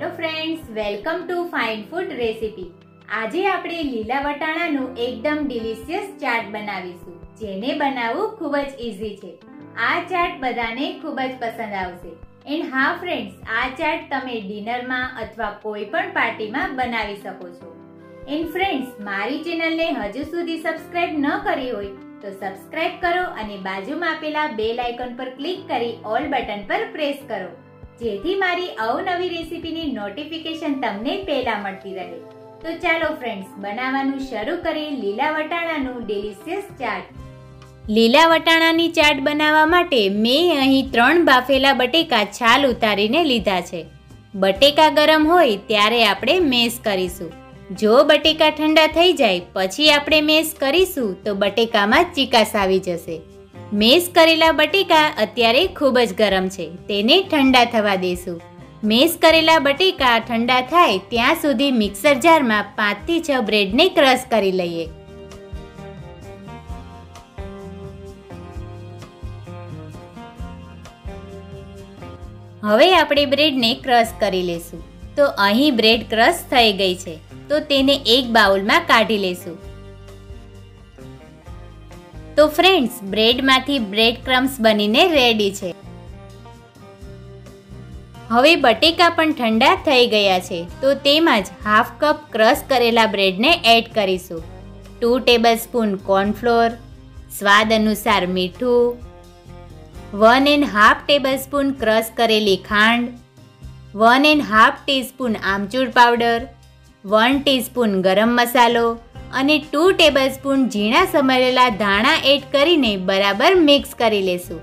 hello friends welcome to fine food recipe આજે આપણે લીલા વટાણાનું એકદમ ડિલિશિયસ ચાટ બનાવીશું જેને બનાવવું ખૂબ જ ઇઝી છે આ ચાટ બધાને ખૂબ જ પસંદ આવશે એન્ડ હા ફ્રેન્ડ્સ આ ચાટ તમે ડિનરમાં અથવા કોઈ પણ પાર્ટીમાં બનાવી શકો છો એન્ડ ફ્રેન્ડ્સ મારી ચેનલને હજુ સુધી સબસ્ક્રાઇબ ન કરી હોય તો સબસ્ક્રાઇબ કરો અને બાજુમાં આપેલા બે આઇકન પર ક્લિક કરી ઓલ બટન પર પ્રેસ કરો જેથી મારી અવનવી રેસીપીની નોટિફિકેશન તમને પહેલા મળતી રહે તો ચાલો ફ્રેન્ડ્સ બનાવવાનું શરૂ કરીએ લીલા વટાણાનું ડિલિશિયસ ચાટ લીલા વટાણાની ચાટ બનાવવા માટે મેં અહીં ત્રણ બાફેલા બટેકા છાલ ઉતારીને લીધા છે બટેકા ગરમ હોય ત્યારે આપણે મેસ કરીશું જો બટેકા ઠંડા થઈ જાય પછી આપણે મેસ કરીશું તો બટેકામાં ચિકાસ આવી જશે મેશ કરેલા બટેકા અત્યારે ખૂબ જ ગરમ છે તેને ઠંડા થવા દેશું મેસ કરેલા બટેકા ઠંડા થાય ત્યાં સુધી મિક્સર જારમાં પાંચથી છ બ્રેડને ક્રશ કરી લઈએ હવે આપણે બ્રેડને ક્રશ કરી લેશું તો અહીં બ્રેડ ક્રશ થઈ ગઈ છે તો તેને એક બાઉલમાં કાઢી લેશું તો ફ્રેન્ડ્સ બ્રેડમાંથી બ્રેડ ક્રમ્સ બનીને રેડી છે હવે બટેકા પણ ઠંડા થઈ ગયા છે તો તેમાં જ હાફ કપ ક્રશ કરેલા બ્રેડને એડ કરીશું ટુ ટેબલ સ્પૂન કોર્નફ્લોર સ્વાદ અનુસાર મીઠું one and half tablespoon crush કરેલી ખાંડ વન એન્ડ હાફ ટીસ્પૂન આમચૂર પાવડર વન ટીસ્પૂન ગરમ મસાલો અને ટુ ટેબલ ટેબલસ્પૂન ઝીણા સમારેલા ધાણા એડ કરીને બરાબર મિક્સ કરી લેશું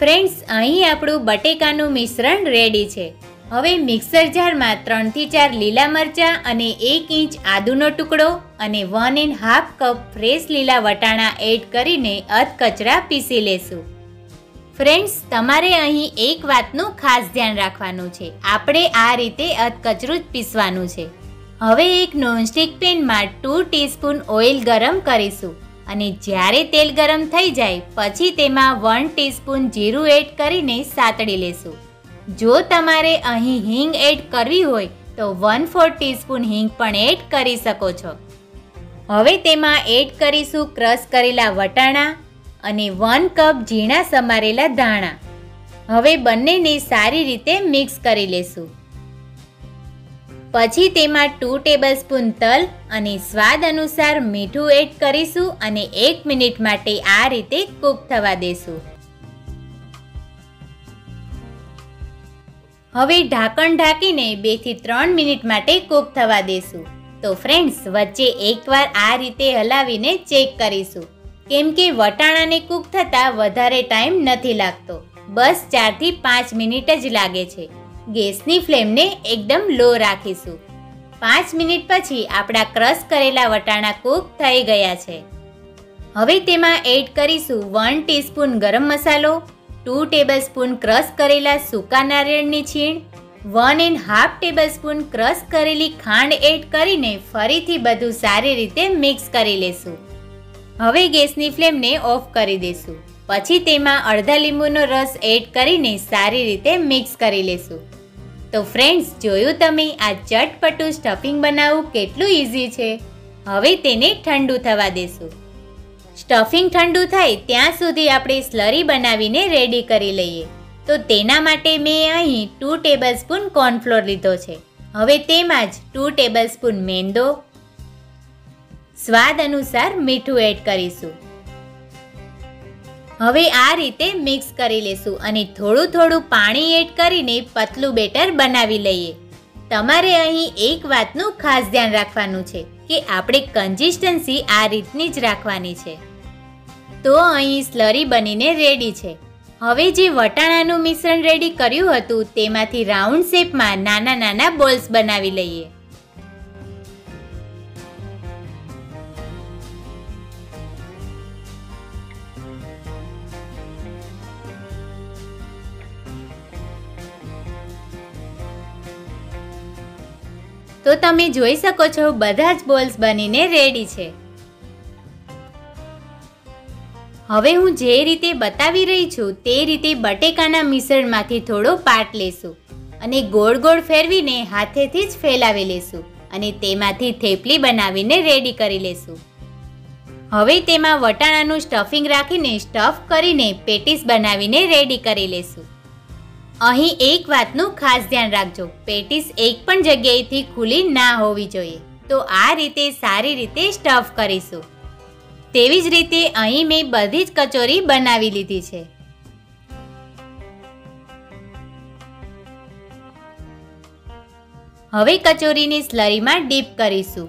ફ્રેન્ડ્સ અહીં આપણું બટેકાનું મિશ્રણ રેડી છે હવે મિક્સર જારમાં ત્રણથી ચાર લીલા મરચાં અને એક ઇંચ આદુનો ટુકડો અને one and half cup fresh લીલા વટાણા એડ કરીને અધકચરા પીસી લેશું ફ્રેન્ડ્સ તમારે અહીં એક વાતનું ખાસ ધ્યાન રાખવાનું છે આપણે આ રીતે અધકચરું જ પીસવાનું છે હવે એક નોનસ્ટિક પેનમાં ટુ ટીસ્પૂન ઓઇલ ગરમ કરીશું અને જ્યારે તેલ ગરમ થઈ જાય પછી તેમાં વન ટીસ્પૂન જીરું એડ કરીને સાતડી લેશું જો તમારે અહીં હિંગ એડ કરવી હોય તો વન ફોર ટીસ્પૂન હિંગ પણ એડ કરી શકો છો હવે તેમાં એડ કરીશું ક્રશ કરેલા વટાણા અને વન કપ ઝીણા સમારેલા ધાણા હવે બંનેને સારી રીતે મિક્સ કરી લેશું પછી તેમાં ટુ ટેબલસ્પૂન તલ અને સ્વાદ અનુસાર મીઠું એડ કરીશું અને એક મિનિટ માટે આ રીતે કૂક થવા દેશું હવે ઢાંકણ ઢાંકીને બેથી ત્રણ મિનિટ માટે કૂક થવા દેશું તો ફ્રેન્ડ્સ વચ્ચે એકવાર આ રીતે હલાવીને ચેક કરીશું કેમ કે વટાણાને કૂક થતાં વધારે ટાઈમ નથી લાગતો બસ ચારથી પાંચ મિનિટ જ લાગે છે ગેસની ફ્લેમને એકદમ લો રાખીશું પાંચ મિનિટ પછી આપણા ક્રશ કરેલા વટાણા કૂક થઈ ગયા છે હવે તેમાં એડ કરીશું વન ટીસ્પૂન ગરમ મસાલો ટુ ટેબલસ્પૂન ક્રશ કરેલા સૂકા નારિયેળની છીણ one and half tablespoon crush કરેલી ખાંડ એડ કરીને ફરીથી બધું સારી રીતે મિક્સ કરી લેશું હવે ગેસની ફ્લેમને ઓફ કરી દઈશું પછી તેમાં અડધા લીંબુનો રસ એડ કરીને સારી રીતે મિક્સ કરી લેશું તો ફ્રેન્ડ્સ જોયું તમે આ ચટપટું સ્ટફિંગ બનાવવું કેટલું ઇઝી છે હવે તેને ઠંડુ થવા દેશું સ્ટફિંગ ઠંડુ થાય ત્યાં સુધી આપણે સ્લરી બનાવીને રેડી કરી લઈએ તો તેના માટે મેં અહીં ટુ ટેબલ ટેબલસ્પૂન કોર્નફ્લોર લીધો છે હવે તેમાં જ ટુ ટેબલ સ્પૂન મેંદો સ્વાદ અનુસાર મીઠું એડ કરીશું હવે આ રીતે મિક્સ કરી લેશું અને થોડું થોડું પાણી એડ કરીને પતલું બેટર બનાવી લઈએ તમારે અહીં એક વાતનું ખાસ ધ્યાન રાખવાનું છે કે આપણે કન્સિસ્ટન્સી આ રીતની જ રાખવાની છે તો અહીં સ્લરી બનીને રેડી છે હવે જે વટાણાનું મિશ્રણ રેડી કર્યું હતું તેમાંથી રાઉન્ડ શેપમાં નાના નાના બોલ્સ બનાવી લઈએ તો તમે જોઈ શકો છો બધા જ બોલ્સ બનીને રેડી છે હવે હું જે રીતે બતાવી રહી છું તે રીતે બટેકાના મિશ્રણમાંથી થોડો પાટ લેશું અને ગોળ ગોળ ફેરવીને હાથેથી જ ફેલાવી લેશું અને તેમાંથી થેપલી બનાવીને રેડી કરી લેશું હવે તેમાં વટાણાનું સ્ટફિંગ રાખીને સ્ટફ કરીને પેટીસ બનાવીને રેડી કરી લેશું અહીં એક વાતનું ખાસ ધ્યાન રાખજો પેટીસ એક પણ જગ્યાએથી ખુલી ના હોવી જોઈએ તો આ રીતે સારી રીતે સ્ટફ કરીશું તેવી જ રીતે અહીં મેં બધી જ કચોરી બનાવી લીધી છે હવે કચોરીની સ્લરીમાં ડીપ કરીશું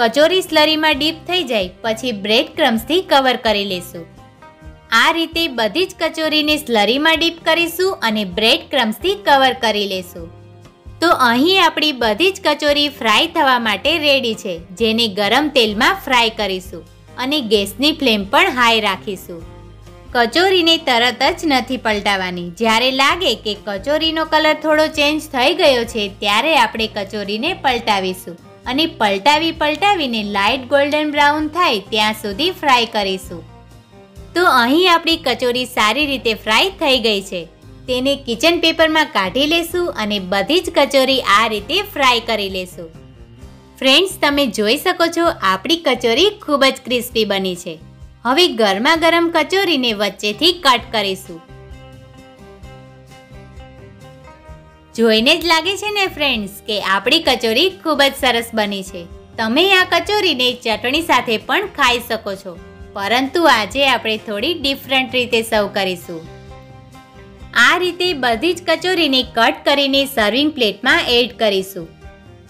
કચોરી સ્લરીમાં ડીપ થઈ જાય પછી બ્રેડ ક્રમ્સથી કવર કરી લેશું આ રીતે બધી જ કચોરીને સ્લરીમાં ડીપ કરીશું અને બ્રેડ ક્રમ્સથી કવર કરી લેશું તો અહીં આપણી બધી જ કચોરી ફ્રાય થવા માટે રેડી છે જેને ગરમ તેલમાં ફ્રાય કરીશું અને ગેસની ફ્લેમ પણ હાઈ રાખીશું કચોરીને તરત જ નથી પલટાવાની જ્યારે લાગે કે કચોરીનો કલર થોડો ચેન્જ થઈ ગયો છે ત્યારે આપણે કચોરીને પલટાવીશું અને પલટાવી પલટાવીને લાઇટ ગોલ્ડન બ્રાઉન થાય ત્યાં સુધી ફ્રાય કરીશું તો અહીં આપણી કચોરી સારી રીતે ફ્રાય થઈ ગઈ છે તેને કિચન પેપરમાં કાઢી લેશું અને બધી જ કચોરી આ રીતે ફ્રાય કરી લેશું ફ્રેન્ડ્સ તમે જોઈ શકો છો આપણી કચોરી ખૂબ જ ક્રિસ્પી બની છે હવે ગરમા ગરમ કચોરીને વચ્ચેથી કટ કરીશું જોઈને જ લાગે છે ને ફ્રેન્ડ્સ કે આપણી કચોરી ખૂબ જ સરસ બની છે તમે આ કચોરીને ચટણી સાથે પણ ખાઈ શકો છો પરંતુ આજે આપણે થોડી ડિફરન્ટ રીતે સર્વ કરીશું આ રીતે બધી જ કચોરીને કટ કરીને સર્વિંગ પ્લેટમાં એડ કરીશું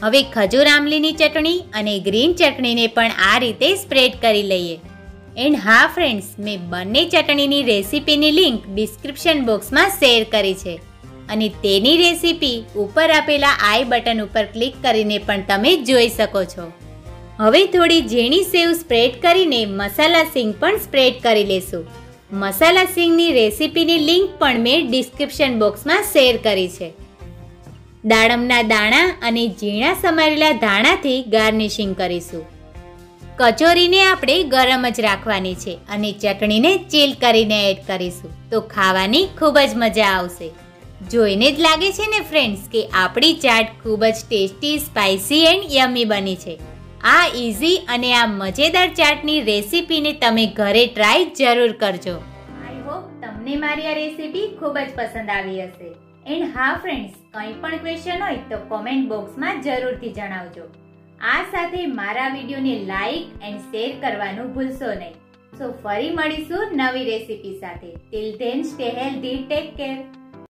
હવે ખજૂર આમલીની ચટણી અને ગ્રીન ચટણીને પણ આ રીતે સ્પ્રેડ કરી લઈએ એન્ડ હા ફ્રેન્ડ્સ મેં બંને ચટણીની રેસીપીની લિંક ડિસ્ક્રિપ્શન બોક્સમાં શેર કરી છે અને તેની રેસીપી ઉપર આપેલા આઈ બટન ઉપર ક્લિક કરીને પણ તમે જોઈ શકો છો હવે થોડી ઝીણી સેવ સ્પ્રેડ કરીને મસાલા સિંગ પણ સ્પ્રેડ કરી લેશું મસાલા સિંગની રેસીપીની લિંક પણ મેં ડિસ્ક્રિપ્શન બોક્સમાં શેર કરી છે દાડમના દાણા અને ઝીણા સમારેલા ધાણાથી ગાર્નિશિંગ કરીશું કચોરીને આપણે ગરમ જ રાખવાની છે અને ચટણીને ચીલ કરીને એડ કરીશું તો ખાવાની ખૂબ જ મજા આવશે જોઈને જ લાગે છે ને ફ્રેન્ડ્સ કે આપણી ચાટ ખૂબ જ ટેસ્ટી સ્પાઇસી એન્ડ યમી બની છે આ ઇઝી અને આ મજેદાર ચાટની રેસીપીને તમે ઘરે ટ્રાય જરૂર કરજો આઈ હોપ તમને મારી આ રેસીપી ખૂબ જ પસંદ આવી હશે એન્ડ હા ફ્રેન્ડ્સ કંઈ પણ ક્વેશ્ચન હોય તો કોમેન્ટ બોક્સમાં જરૂરથી જણાવજો આ સાથે મારા વિડીયોને લાઈક એન્ડ શેર કરવાનું ભૂલશો નહીં સો ફરી મળીશું નવી રેસીપી સાથે till then stay healthy take care